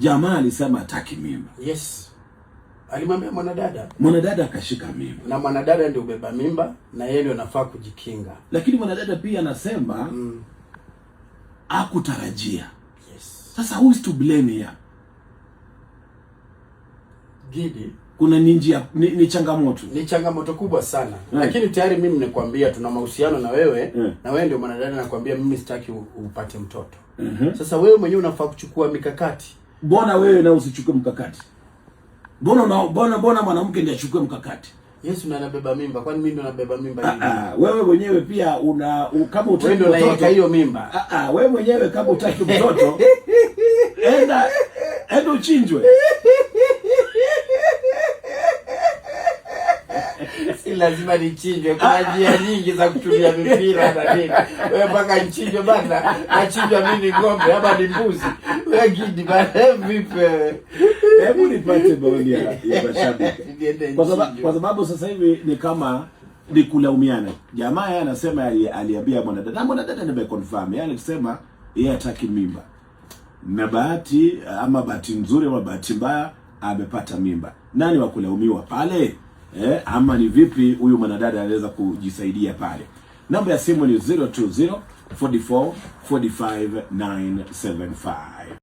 Jamaa alisema hataki mimba. Yes. Alimwambia mwanadada. Mwanadada akashika mimba. Na mwanadada ndio ubeba mimba na yeye ndio anafaa kujikinga. Lakini mwanadada pia anasema mm. akutarajia. Yes. Sasa who is to blame here? Gidi kuna ni ni, ni changamoto ni changamoto kubwa sana yeah. Lakini tayari mimi nimekwambia tuna mahusiano na wewe yeah. Na wewe ndio mwanadada, nakwambia mimi sitaki upate mtoto mm -hmm. Sasa wewe mwenyewe unafaa kuchukua mikakati mbona wewe na usichukue mkakati? Mbona na mbona mbona mwanamke ndiye achukue mkakati? Yesu na anabeba mimba, kwani mimi ndo nabeba mimba ah, hivi? Ah, wewe mwenyewe pia una kama utaki mtoto. Wewe ndio hiyo mimba. Ah, ah, wewe mwenyewe kama utaki mtoto enda enda uchinjwe. si lazima nichinjwe. Kuna ah, ah. njia nyingi za kutumia mipira na nini, wewe mpaka nichinjwe bana? Nachinjwa mimi ng'ombe ama ni mbuzi? Wewe gidi bana, vipi wewe? Hebu nipate maoni ya mashabiki, kwa sababu sasa hivi ni kama ni kulaumiana. Jamaa yeye anasema aliambia mwanadada mwanadada mwanadada confirm, yeye alisema yeye hataki mimba na bahati ama bahati nzuri ama bahati mbaya amepata mimba. Nani wa kulaumiwa pale? eh, ama ni vipi huyu mwanadada anaweza kujisaidia pale. Namba ya simu ni 020 44 45 975.